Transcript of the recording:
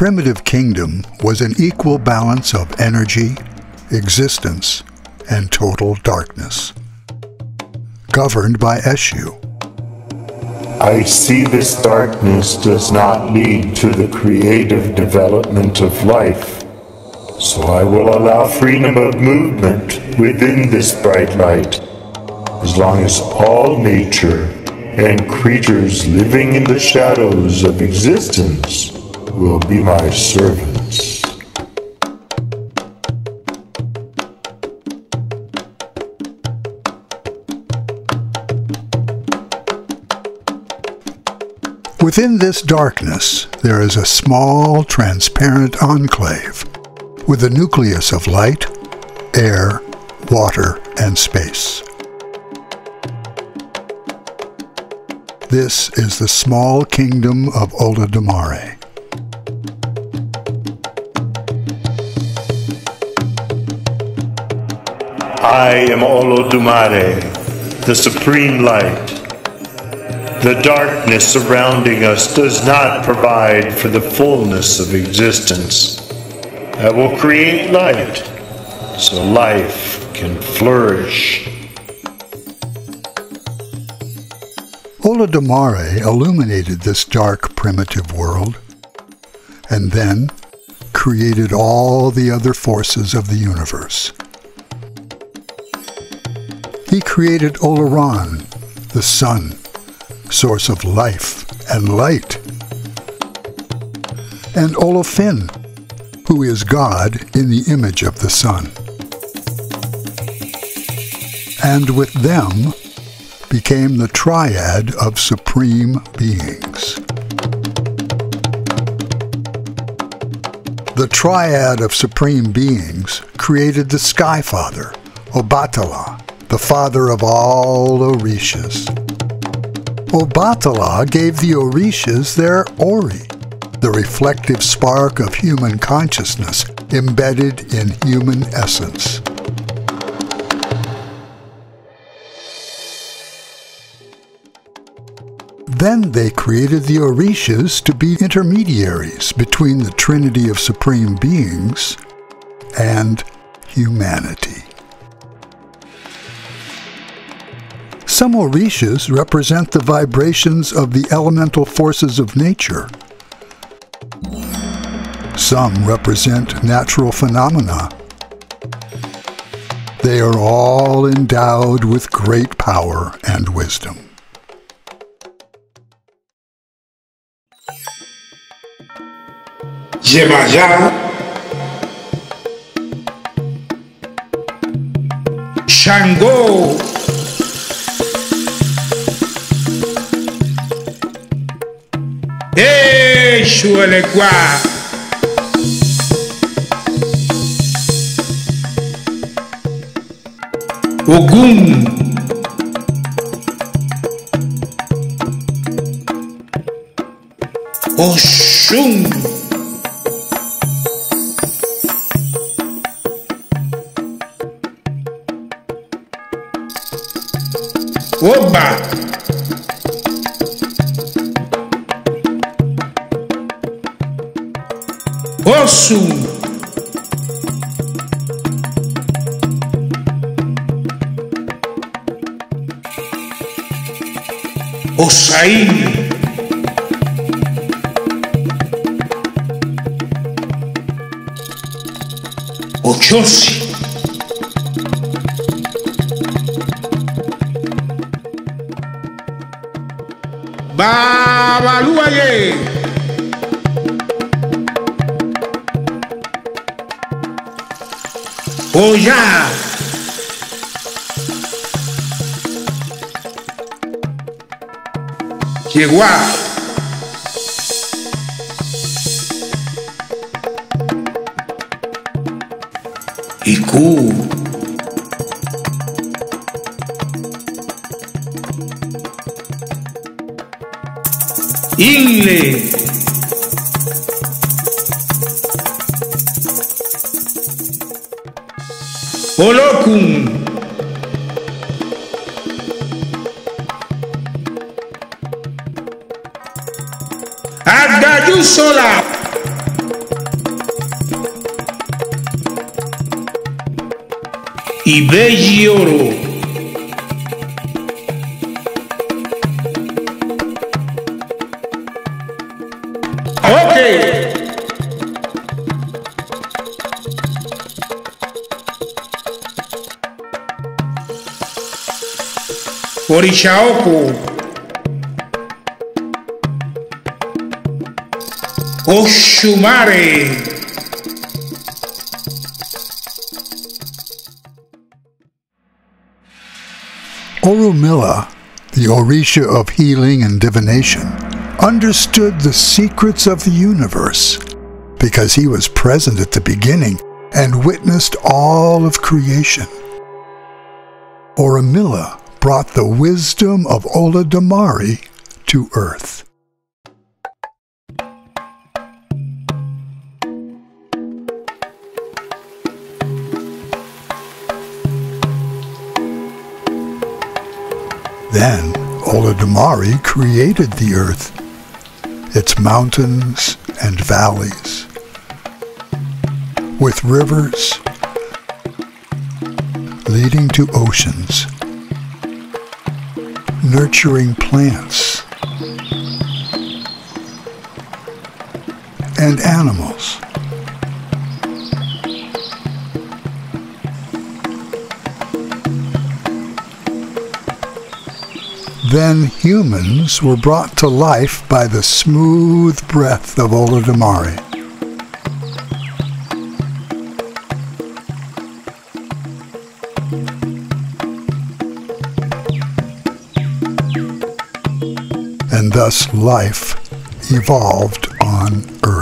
primitive kingdom was an equal balance of energy, existence, and total darkness, governed by Eshu. I see this darkness does not lead to the creative development of life, so I will allow freedom of movement within this bright light, as long as all nature and creatures living in the shadows of existence will be my servants. Within this darkness, there is a small, transparent enclave with a nucleus of light, air, water, and space. This is the small kingdom of Ola Damare. I am Olodumare, the Supreme Light. The darkness surrounding us does not provide for the fullness of existence. I will create light so life can flourish. Olodumare illuminated this dark primitive world and then created all the other forces of the universe. He created Oleron, the sun, source of life and light, and Olafin, who is God in the image of the sun. And with them became the triad of supreme beings. The triad of supreme beings created the Sky Father, Obatala, the father of all Orishas. Obatala gave the Orishas their Ori, the reflective spark of human consciousness embedded in human essence. Then they created the Orishas to be intermediaries between the Trinity of Supreme Beings and humanity. Some orishas represent the vibrations of the elemental forces of nature. Some represent natural phenomena. They are all endowed with great power and wisdom. Yemayá, Shango. Yeshu Elegua. Ogun. Oshun. Oba. Yosun. Osaín. Ochosi. Babaluaye. Oja, Chegou a Iku Holocum. Agaju sola, Ìbejì oro. Orixaoku. Oshumare Oromilla, the Orisha of healing and divination, understood the secrets of the universe because he was present at the beginning and witnessed all of creation. Oromilla brought the wisdom of Ola Damari to earth. Then Damari created the earth, its mountains and valleys, with rivers leading to oceans nurturing plants and animals. Then humans were brought to life by the smooth breath of Oladamari. life evolved on Earth.